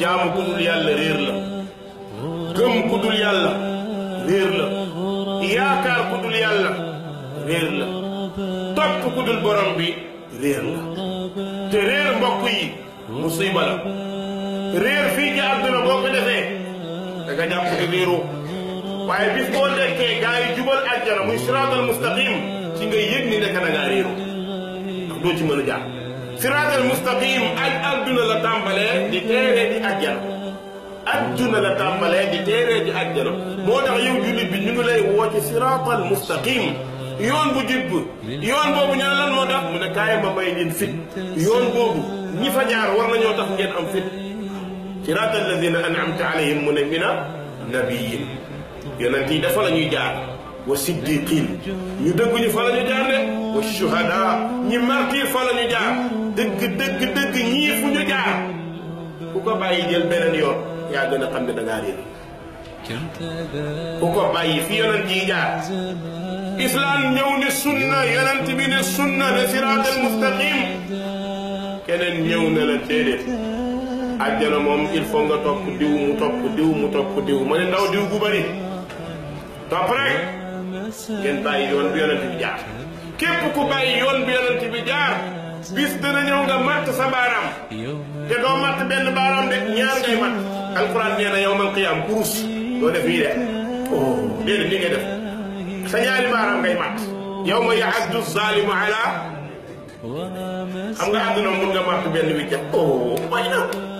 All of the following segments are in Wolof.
jaamu ku dul yàlla réer la gëm ku dul yàlla réer la yaakaar ku dul yàlla réer la topp ku dul borom bi réer la te réer mbokk yi musiba la réer fii ci àdduna boo ko defee da nga jàpp di waaye bis boo nekkee gaa yi jubal àjjana muy siraatal mustaqim ci nga yëg ni nekk na ngaa réeroo doo ci mën a jaar صراط المستقيم أدنى لا تامبالي دي تيري دي أجر أدنى لا تامبالي دي تيري دي أجر مودا يوم جولي بن نولي ووتي صراط المستقيم يون بو جيب يون بو نيان لان من مودا كاي ما باي فيت يون بو ني فا جار ورنا نيو تاخ ام فيت صراط الذين انعمت عليهم من منا نبيين يونتي دافا لا نيو جار وصديقين ني دغ ني فا لا dëgg dëgg dëgg ñii fu ñu jaar ku ko bàyyi jël beneen yoon yaa gën a xam ne da ngaa réer ku ko bàyyi fi yonent yi jaar islam ñëw sunna yonent bi ne sunna ne siraatal mustaqim keneen ñëw na la déedéet àjjana moom il faut nga topp diw mu topp diw mu topp diw ma ne ndaw diw gu topp rek ngeen bàyyi yoon bi yonent bi bis dana ñëw nga matt sa baaraam te doo matt benn baaraam de ñaar ngay matt alquran nee na yawmal qiyaam kurus doo def nii de déedéet oh, nii ngay def sa ñaari baaraam ngay matt yawma yaaddu zalimu ala xam nga àdduna mun nga matt benn wiccax oh mooy na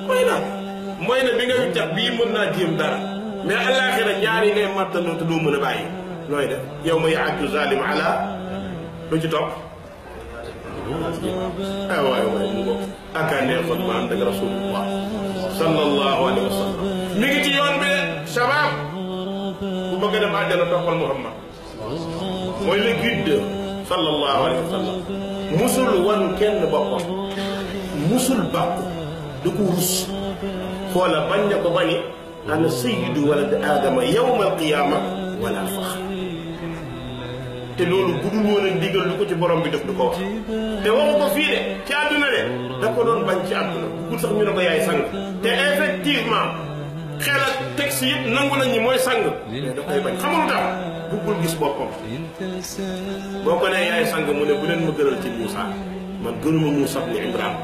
mooy na mooy na bii mën naa jéem dara mais àllaaxira ñaari ngay matt loo te doo mën a bàyyi looy def yawma yaaddu zalimu ala lu topp ah waaye moom mu bopp ak a neexoon ma ànd rasulullah sallallahu alayhi wa sallam mi ngi ci yoon bi shabab bu bëgg a dem àjjana toppal muhammad mooy le guide sallallahu alayhi wa musul wan kenn boppam musul rus xoola bañ na ko bani ana sayyidu walad aadama yawma alqiyama wala faxr te loolu budul woon a ndigal lu ko ci borom bi def du ko wax te waxu ko fii de ci àdduna de da ko doon bañ ci àdduna bugul sax ñu ne ko yaay sang te effectivement xel ak texte yëpp nangu nañ ñi mooy sang mais da koy bañ xamul tax bugul gis boppam boo ko ne yaay sang mu ne bu leen ma gënal ci Moussa man gënuma Moussa ni Ibrahima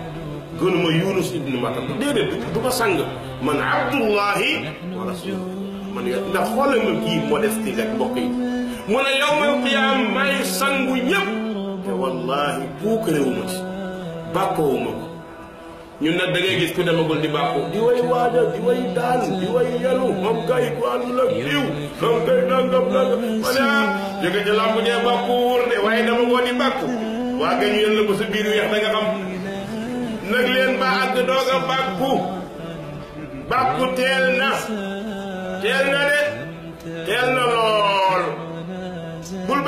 gënuma Yunus ibnu Matta déedéet du ko sang man abdullahi wa rasul man yo ndax xoolal nga kii modestie rek mbokk yi mu ne yawmal qiyaam may sangu ñëpp te wallaahi puukarewuma ci bàkkoowuma ko ñun gis ku demagul di bàkku di way waaja di way daan di way yelu moom kay ku àndul ak diw moom kay nangam nangam ma ne ah jóge ci làmb jee de waaye dama koo waa ga ñu yën la ko sa biir yax da nga xam nag leen a teel na teel na de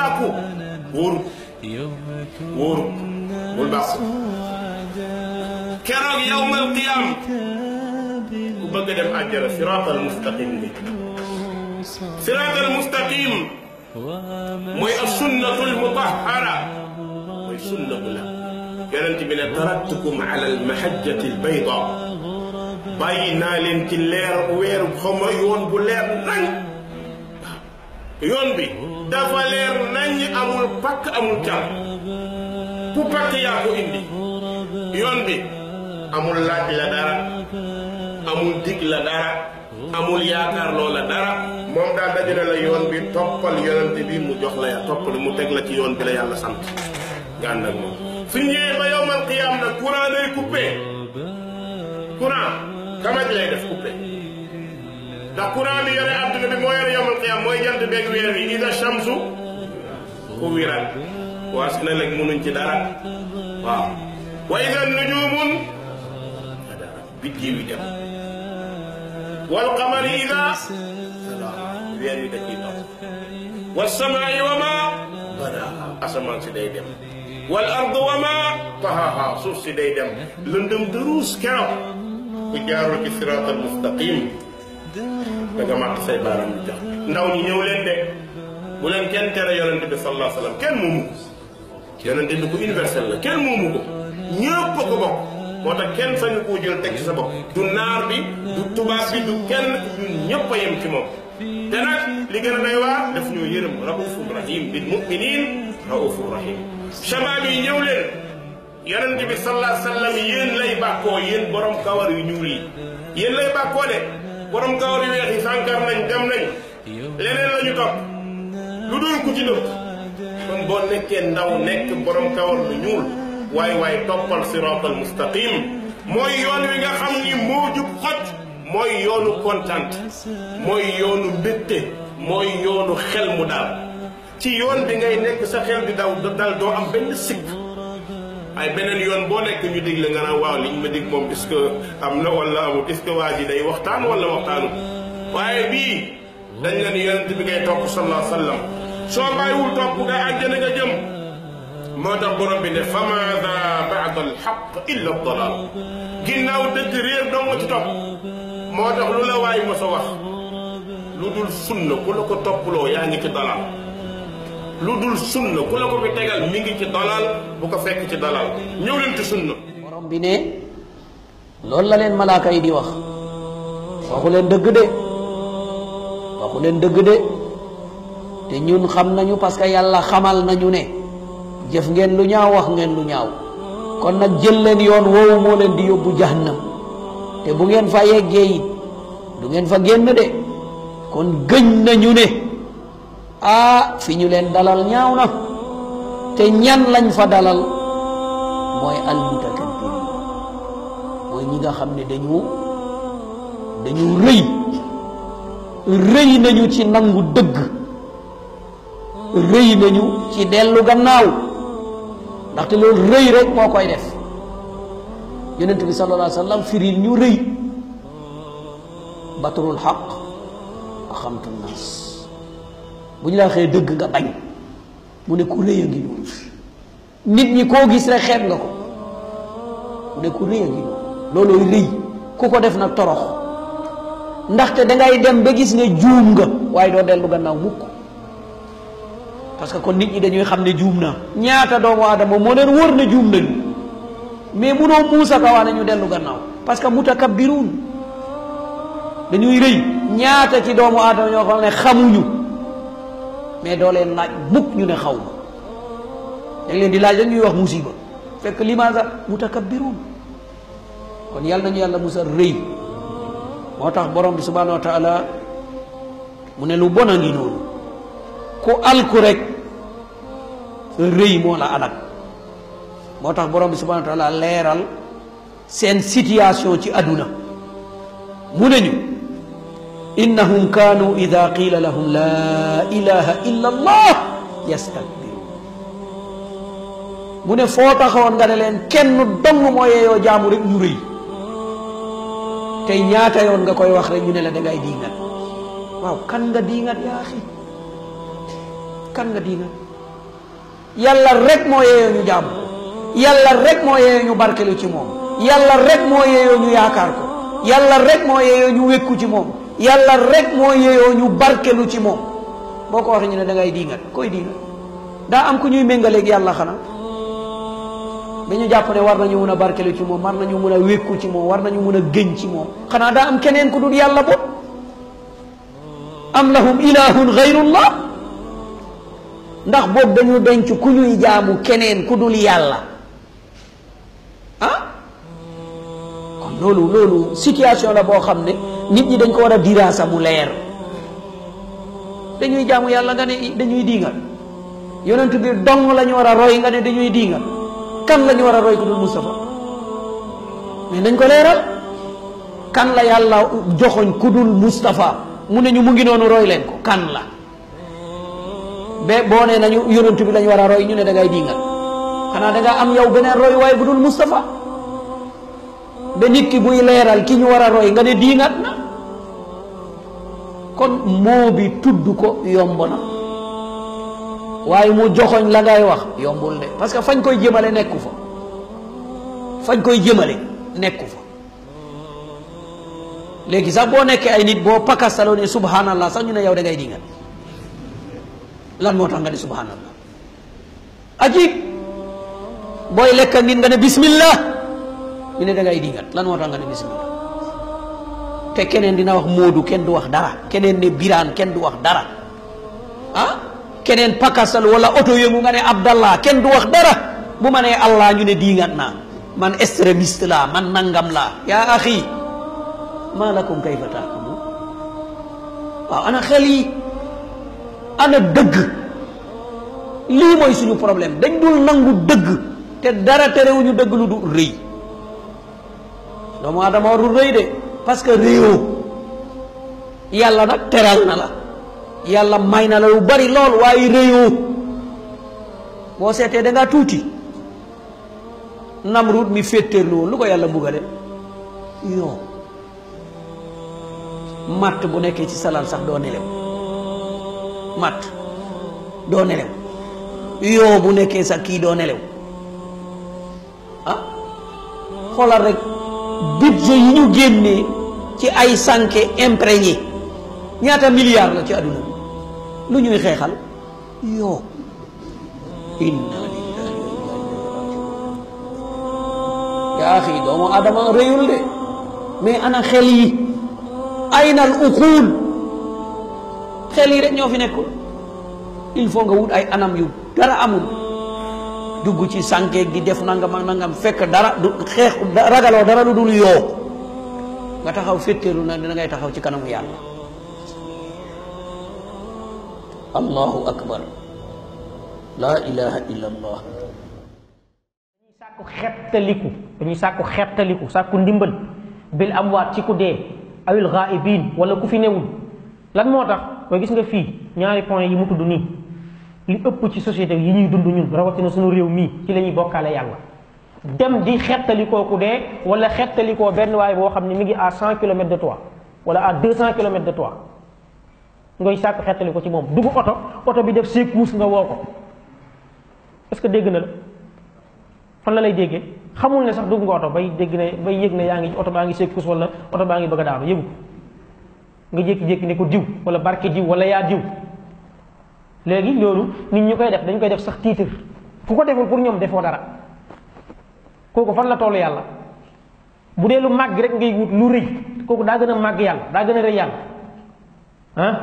معكم غرب غرب والبعث كرم يوم القيامة وبقدر مأجرة صراط المستقيم صراط المستقيم مي السنة المطهرة مي سنة الله قالت من تركتكم على المحجة البيضاء باينا لنتلير وير بخميون بولير نانك yoon bi dafa leer naññ amul pakk amul càmm ku pakk yaa ko indi yoon bi amul laaj la dara amul dig la dara amul yaakaar loola dara moom daal dajale la yoon bi toppal yonente bi mu jox la ya toppal mu teg la ci yoon bi la yàlla sant nga ànd ak moom su ñëwee ba yowmal qiyaam nag courant day coupé courant kamaj lay def coupé da courant bi yore adduna bi moo yore yowmal qiyam mooy jant beeg weer bi ida shamsu ku wiral waas na nag munuñ ci dara waaw wa ida nujumun biddiw yi dem wal qamari ida weer bi da ciy dox wa samaai wa ma badaha asamaan si day dem wal ardu wa ma tahaha suuf si day dem lëndëm dëruus keroog ku jaarul ci siraat al mustaqim danga màtt say baaraam ñu jox ndaw ñi ñëw leen de bu leen kenn tere yonent bi sallallahu alayhi kenn moomu ko yonent ko universel la kenn moomu ko ñëpp ko bokk moo tax kenn sañu koo teg sa bopp du naar bi du tubaab bi du kenn ñun ñëpp yem ci moom te nag li gën a doy waar daf ñoo yërëm raufur rahim bil muminin raufur rahim shabaab yi ñëw leen yonent bi sallallahu alayhi wa sallam yéen lay bàkkoo yéen borom kawar yu ñuul yi yéen lay bàkkoo de borom kawar yu weex yi sànkar nañ dem nañ leneen la topp lu dul ku ci dëpp kon boo nekkee ndaw nekk borom kawar lu ñuul waaye waaye toppal siraatal mustaqim mooy yoon wi nga xam ni moo jub xoj mooy yoonu kontaan mooy yoonu mbégte mooy yoonu xel mu daal ci yoon bi ngay nekk sa xel di daw dal doo am benn sikk ay beneen yoon boo nekk ñu dig la nga naan waaw liñ ma dig moom est am na wala amut est-ce yi waa ji day waxtaan wala waxtaanut waaye bii dañ la ni yonent bi ngay topp sallallahu sallam soo bàyyiwul topp nga àjjana nga jëm moo tax borom bi ne fa maada baada alxaq illa dalal ginnaaw nga ci topp moo tax lu la waay mos wax lu dul sunna ku la ko toppaloo yaa ngi ci dalal lu dul sunna ku la ko fi tegal mi ngi ci dalal bu ko fekk ci dalal ñëw leen ci sunna borom bi ne loolu la leen malaaka yi di wax waxu leen dëgg de leen dëgg te ñun xam nañu parce que yàlla xamal nañu ne jëf ngeen lu ñaaw wax ngeen lu ñaaw kon nag jël leen yoon woowu moo leen di yóbbu jahannam te bu ngeen fa yeggee it du ngeen fa génn de kon gëñ nañu ne A fi ñu leen dalal ñaaw na te ñan lañ fa dalal mooy al mutakabbir mooy ñi nga xam ne dañu dañu rëy rëy nañu ci nangu dëgg rëy nañu ci dellu gannaaw ndaxte loolu rëy rek moo koy def yonent bi sallallahu alaihi wasallam firil ñu rëy batrul haqq axamtu nas buñ la xey deug nga bañ mu ne ku reey ngi noonu nit ñi ko gis rek xet nga ko mu ne ku reey ngi noonu loolooy ku ko def nak torox te da ngay dem ba gis nga joom nga way do delu gannaaw mukk parce que kon nit ñi dañuy xamne joom na ñaata do mo adam mo leen wër na joom nañ mais do musa ka wana ñu delu gannaaw parce que mutakabbirun dañuy reey ñaata ci doomu adam ñoo xamne ne xamuñu mais do len laaj mukk ñu ne xaw ma dañ leen di laaj ñuy wax musiba fekk limaza mutakabbirun kon yalla nañu yalla musa rëy motax borom bi subhanahu wa taala mu ne lu bon a ngi noonu ku alku rek sa mo la alak motax borom bi subhanahu wa taala leral sen situation ci aduna mu ne ñu innahum kanu idza qila lahum la ilaha illa allah mu mune foo taxawoon nga ne leen kenn dong moye yo jamu rek ñu reuy tay ñaata yon nga koy wax rek ñu ne la ngay diingat waaw kan nga diingat ya xi kan nga diingat yalla rek moye yo ñu jamu yalla rek moye yo ñu barkelu ci mom yalla rek moye yo ñu yaakar ko yalla rek moye yo ñu wekku ci mom yàlla rek moo yeyoo ñu barkelu ci moom boo ko waxee ñu ne dangay ngay koy diingat daa am ku ñuy méngaleeg yàlla xanaa dañu jàpp ne war nañu mun a barkelu ci moom war nañu mun a wékku ci moom war nañu mun a gëñ ci moom xanaa daa am keneen ku dul yàlla bopp am lahum ilahun gayrullah ndax boobu dañu denc ku ñuy jaamu keneen ku dul yàlla ah kon loolu loolu situation la boo xam ne nit ñi dañ ko war a diraasa bu leer dañuy jaamu yàlla nga ne dañuy diingal yonant bi dong la ñu war a roy nga ne dañuy diingal kan lañu war a roy ku dul Mustafa nañ ko kan la yàlla joxoñ ku dul Mustafa mu ne ñu mu ngi noonu roy leen ko kan la ba boo nee nañu yonent bi la ñu war a roy ñu ne da ngay diingal xanaa da am yow beneen roy waaye bu dul Mustafa ba nit ki buy leral ki ñu wara roy nga ne diingat na kon moo bi tudd ko yomb na waaye mu joxoñ la ngay wax yombul de parce que fañ koy jëmale nekku fa fañ koy jëmale nekku fa léegi sax boo nekkee ay nit boo ne subhanallah sax ñu ne yow da ngay lan moo tax nga ne subhanallah ajib booy lekk nit nga ne bismillah ñu ne da ngay digal lan mo tax nga ne bismillah te keneen dina wax moodu ken du wax dara keneen ne biran ken du wax dara ah keneen pakasal wala auto yëngu nga ne abdallah ken du wax dara bu mané allah ñu ne diingat na man extrémiste la man nangam la ya akhi maa lakum kayfa taqulu wa ana khali ana deug problem. moy suñu problème dañ dul nangu deug te dara deug lu du reuy doomu aadama warul rëy de parce que yàlla nag teral na la yàlla may na la lu bari lool waaye réewoo boo seetee da ngaa tuuti namrud mi féetéerlu woon lu ko yàlla mbugale yoo matt bu nekkee ci salal sax doo nelew matt doo nelew yoo bu nekkee sax kii doo nelew ah rek budget yi ñu génnee ci ay santé imprégné ñaata milliards la ci àdduna bi lu ñuy xeexal yoo inna yaa axi doomu adama réyul de mais ana xel yi aynal uqul xel yi rek ñoo fi nekkul il faut nga wut ay anam yu dara amul duggu ci sanké gi def nangam nangam fekk dara du xex ragalo dara lu dul yo nga taxaw féttéeru na da ngay taxaw ci kanamu yalla allahu akbar la ilaha illa allah dañuy sakku xettaliku dañuy sakku xettaliku sakku ndimbal bil amwat ci ku de awil ghaibin wala ku fi newul lan motax tax gis nga fi ñaari point yi mu tuddu ni li ëpp ci société yi ñuy dund ñun rawatina suñu réew mii ci lañuy ñuy bokkaale yàlla dem di xettalikoo ku dee wala xettalikoo benn waay boo xam ne mi ngi à cent kilomètres de toi wala à deux cent kilomètres de toi ngay sàkk xettaliko ci moom dugg oto oto bi def secousse nga woo ko est que dégg na la fan la lay déggee xamul ne sax dugg nga oto bay dégg ne bay yëg na yaa ngi oto baa ngi secousse wala oto baa ngi bëgg a daanu yëgu nga jékki-jékki ne ko diw wala barke diw wala yaa diw léegi lolu nit ñukay def dañ koy def sax titre ku ko deful pour ñom defo dara koku fan la tollu yalla bu dee lu mag rek ngay wut lu reuy koku da gëna mag yalla da gëna reuy yalla rëy ha ah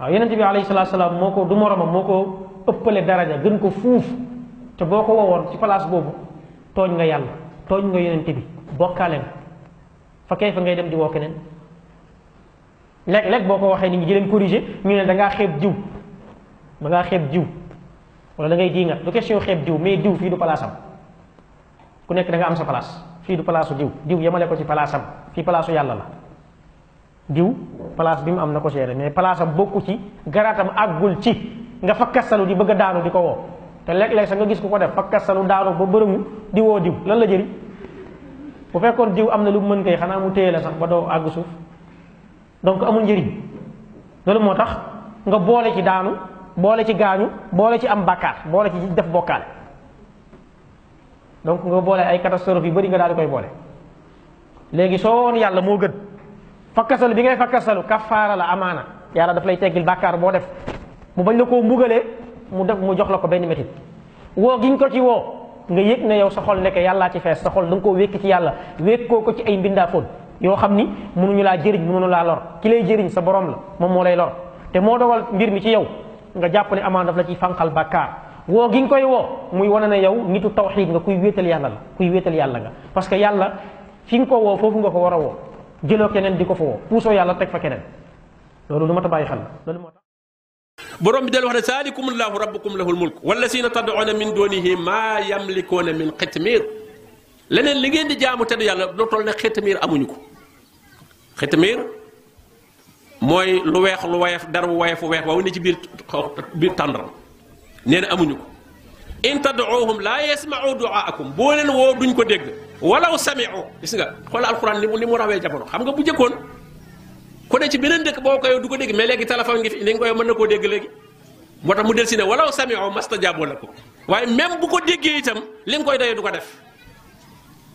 waaw yonente bi alayhi salatu salaam moo du morom moko ëppalé ëppale daraja gën ko fuuf te boko wawon ci place bobu togn nga yalla togn nga yonente bi bokalé fa kay fa ngay dem di woo lek lek léeg boo ni waxee nit ñi di len corriger ñu ne da nga xeeb jiw ma nga xeb jiw wala da ngay diingat du question xeb jiw mais diw fii du am ku nekk da nga am sa place fii du place diw diw yamale ko ci am fii place yàlla la diw place bi am na ko seere mais am bokku ci garatam àggul ci nga fakkastalu di bëgg daanu di ko woo te léeg-léeg sa nga gis ku ko def fakkastalu daanu ba bërëmu di woo diw lan la jëri bu fekkoon diw am na lu mën kay xanaa mu téye la sax ba doo àgg suuf donc amul njëriñ loolu moo nga boole ci daanu boole ci gaañu boole ci am bàkkaar boole ci def bokkaale donc nga boole ay catastrophe yu bari nga daal di koy boole léegi soo woon yàlla moo gën fakkasalu bi ngay fakkasalu kafaara la amaana yàlla daf lay teggil bàkkaar boo def mu bañ la koo mbugalee mu def mu jox la ko benn métit woo giñ ko ci woo nga yëg na yow sa xol nekk yàllaa ci fees sa xol da koo wékk ci yàlla wékkoo ko ci ay mbindaafoon yoo xam ni mënuñu laa jëriñ mënuñu laa lor ki lay jëriñ sa borom la moom moo lay lor te moo dogal mbir mi ci yow nga jàpp ne amaan daf la ciy fànqal bàkkaar woo gi nga koy woo muy wane na yow nitu tawxiid nga kuy wéetal yàlla la kuy wéetal yàlla nga parce que yàlla fi nga ko woo foofu nga ko war a woo jëloo keneen di ko fa woo puusoo yàlla teg fa keneen loolu lu ma ta bàyyi xel loolu moo tax borom bi del wax ne saalikum allahu rabbukum lahul mulk wallasina tad'una min dunihi maa yamlikuuna min xitmir leneen li ngeen di jaamu te yàlla doo toll ne xitmir amuñu ko xitmir mooy lu weex lu woyof dar wu woyof wu weex waaw ne ci biir biir tàndaram nee na amuñu ko in tad'uuhum laa yasma'u du'aakum boo leen woo duñ ko dégg walaw sami'u gis nga xoola alxuraan ni mu ni mu rawee jamono xam nga bu jëkkoon ku ne ci beneen dëkk boo koy du ko dégg mais léegi téléphone ngi fi ni nga koy mën na koo dégg léegi moo tax mu del si ne walaw sami'u mastajaaboo lakum waaye même bu ko déggee itam li nga koy doyee du ko def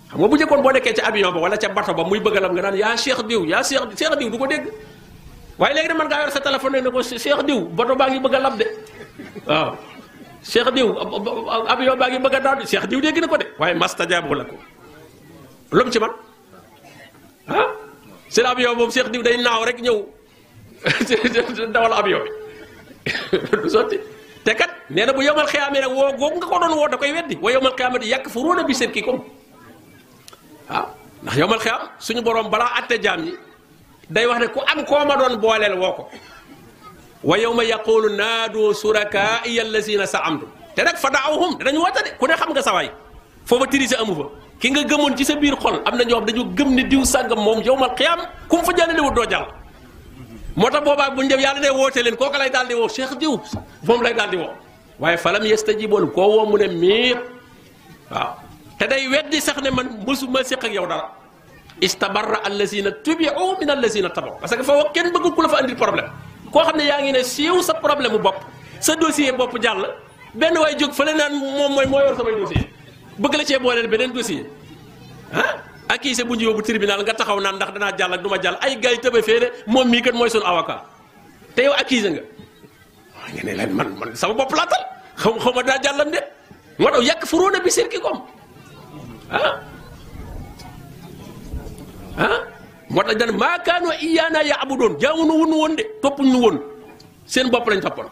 xam nga bu jëkkoon boo nekkee ca avion ba wala ca bato ba muy bëggalam nga naan yaa cheikh diw yaa cheikh cheikh ko dégg way legui ne man nga yor sa telephone ne ko Cheikh Diw bato baa beug lab de waaw Cheikh Diw avion baa ngi bëgg a Cheikh Diw degi na ko de way mastajabu la ko lu ci man ah seen avion mom Cheikh Diw day naaw rek ñew dawal avion bi du sotti te kat neena bu yomal xiyaamee rek wo gog nga ko don wo da koy weddi wo yomal xiyaamati yàq fu ruuna bi seen kii comme waaw ndax yomal khiyam suñu borom bala atté jam yi. day wax ne ku am koo ma doon booleel woo ko wa yawma yaqulu naadu surakaaiya allazina saamtum te nag fa daawhum danañ woote de ku ne xam nga sawaay foofa tirise amu fa ki nga gëmoon ci sa biir xol am na ñoo xam dañoo gëm ne diw sàngam moom yowmal qiyaam ku mu fa jàllale wut doo jàll moo tax boobaa bu ñu dem yàlla ne woote leen kooka lay daal di woo cheikh diw moom lay daal di woo falam yastajiboon koo woo mu ne miir waaw te day weddi sax ne man mësu ma ak yow dara istabarra allazina tubiu min allazina tabaw parce que foofu kenn bëgg ku la fa andil problème koo xam ne yaa ngi ne siiw sa problème bopp sa dossier bopp jàll benn waay jóg fële naan moom mooy moo yor samay bëgg la cee booleel beneen dossier ah accusé bu ñu yóbbu tribunal nga taxaw naan ndax danaa jàll duma du jàll ay gars yi tëbe féere moom mii kat mooy suñu avocat te yow accusé nga waaw nga ne leen man man sama bopp laa tal xaw xaw ma danaa jàllam de moo tax yàq furoona bi sirki koom ah moo tax daan maa kaanoo iyaanaa ya'budoon jaamu nu wun woon de toppuñ nu woon seen bopp lañ toppoon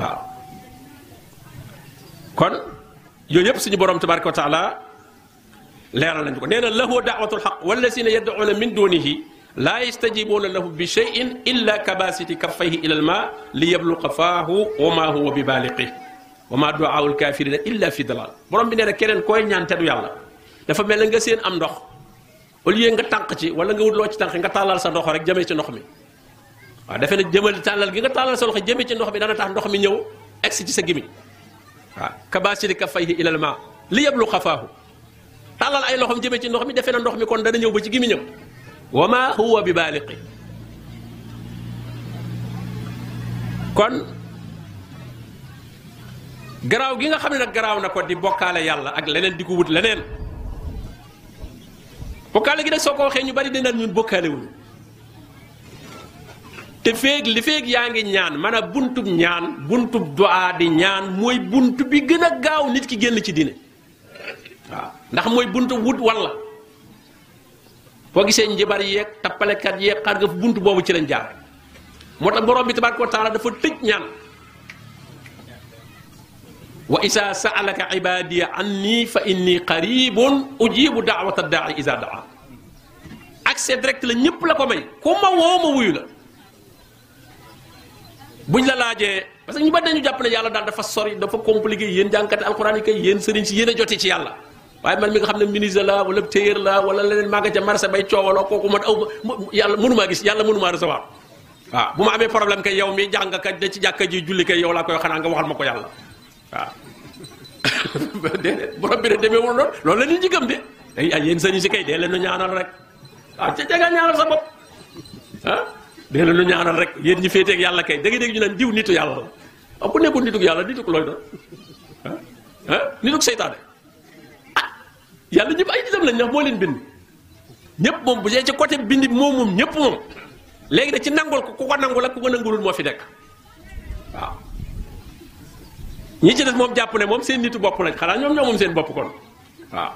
waaw kon yooyu yëpp suñu borom tabaraka wa taala leeral nañ ko nee na lahu daawatul xaq wallazina yad'uuna min dunihi laa yastajibuuna lahu bi shay'in illa kabasiti kaffayhi ila alma li yabluqa faahu wa ma huwa bi baaliqi wa ma duaawul kaafirina illa fi dalal borom bi nee na keneen koy ñaan te du yàlla dafa mel na nga seen am ndox au lieu nga tànq ci wala nga wut loo ci tànq nga tàllal sa ndox rek jëmee ci ndox mi waaw defe na jëmal tàllal gi nga tàllal sa loxo jëmee ci ndox mi dana tax ndox mi ñëw egsi ci sa gimiñ waaw kabasiri ka fayhi ilal ma li yablu xafaahu tàllal ay loxom jëmee ci ndox mi defe na ndox mi kon dana ñëw ba ci gimiñam wa ma huwa bi baaliqi kon garaaw gi nga xam ne nag garaaw na ko di bokkaale yàlla ak leneen di ko wut leneen bokkaale gi nag soo ko waxee ñu bari dañ naan ñun bokkaale wuñu te feeg li feeg yaa ngi ñaan man a buntub ñaan buntub duaa di ñaan mooy bunt bi gën a gaaw nit ki génn ci diine waaw ndax mooy buntu wut walla boo gisee njibar yeeg tappalekat yeeg xar nga bunt boobu ci lañ jaar moo tax borom bi tabaaraka ko taala dafa tëj ñaan waa wa isa saalaka an nii fa inni qaribun ujibu daawata daai isa daa accès direct la ñëpp la ko may ku ma woo ma wuyu la buñ la laajee parce que ñu bari dañu jàpp ne yàlla daal dafa sori dafa compliqué yéen jànkate alxuraan yi kay yéen sëriñ si yéen a jotee ci yàlla waaye man mi nga xam ne ministre la wala téyër la wala leen maa nga ca marché bay coowaloo kooku man aw yàlla mënumaa gis yàlla mënumaa recevoir waaw bu ma amee problème yow mi jàng ka da ci jàkka ji yow laa koy nga waxal ma ko yàlla waaw ah. déedéet borom bi de demeewul noonu loolu la nit ñi gëm de ay ay ah, yéen sëñ si kay dee leen nu ñaanal rek waaw ah, ca ca nga ñaanal sa bopp ah dee leen nu ñaanal rek ñi féeteeg yàlla kay dégg dégg ñu naan diw nitu yàlla la waaw ku nekkul nituk yàlla nituk looy doon ah nituk seytaane ah yàlla ñëpp lañ ñax moo leen bind ñëpp moom bu dee ci côté bind moom moom ñëpp moom léegi da ci nangul ko ku ko nangul ak ku ko nangulul moo fi nekk waaw ñi ci def moom jàpp ne moom seen nitu bopp lañ xanaa ñoom ñoo moom seen bopp kon waaw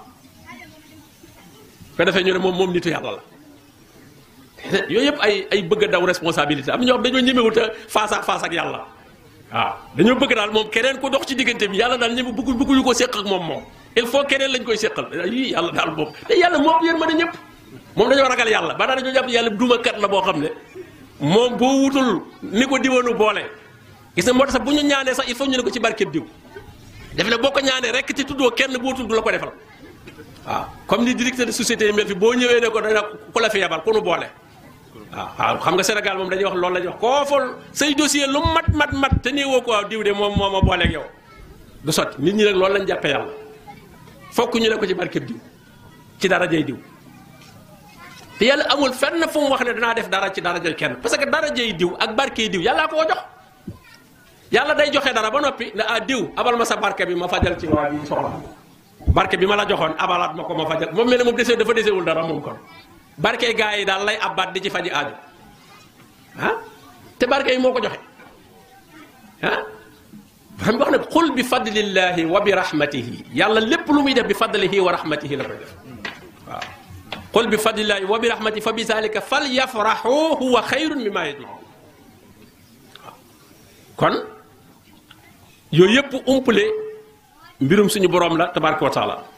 ko defee ñu ne moom moom nitu yàlla la yooyu yëpp ay ay bëgg a daw responsabilité am na ñoo xam dañoo ñemewut a face à ak yàlla waaw dañoo bëgg daal moom keneen ko dox ci diggante bi yàlla daal ñeme bëggu bëgguñu ko séq ak moom moom il faut keneen lañ koy séqal yii yàlla daal moom te yàlla moom yërmande ñëpp moom dañoo ragal yàlla ba dañoo jàpp yàlla duuma kat la boo xam ne moom boo wutul ni ko diwanu boole gis nga moo tax sax bu ñu ñaanee sax il faut ñu ne ko ci barkeb diw def ne boo ko ñaanee rek ci tuddoo kenn boo tudd la ko defal waaw comme ni directeur de société yi mel fi boo ñëwee ne ko dana ko la fi yabal ku nu boole waaw xam nga Sénégal moom dañuy wax loolu la ñuy wax koo fol say dossier lu mat mat mat te nii woo ko diw de moom moo ma yow du sotti nit ñi nag loolu lañ jàppee yàlla fokk ñu ne ko ci barkeb diw ci darajay diw te yàlla amul fenn fu mu wax ne danaa def dara ci darajay kenn parce que darajay diw ak barke diw yàllaa koo jox yàlla day joxe dara ba noppi ne ah diw abal ma sa barke bi ma fajal ci waa soxla barke bi ma la joxoon abalaat ma ko ma fajal moom mel ne dese dafa desewul dara moom kon barke gaa yi daal lay abbaat di ci faji aaju ah te barke yi moo joxe ah xam wax ne xul bi fadlillahi wa bi rahmatihi yàlla lépp lu muy def bi fadlihi wa rahmatihi la koy def waaw xul bi fadlillahi wa bi rahmatihi fa bi zalika fal yooyu yëpp umpale mbirum suñu borom la tabaraka wa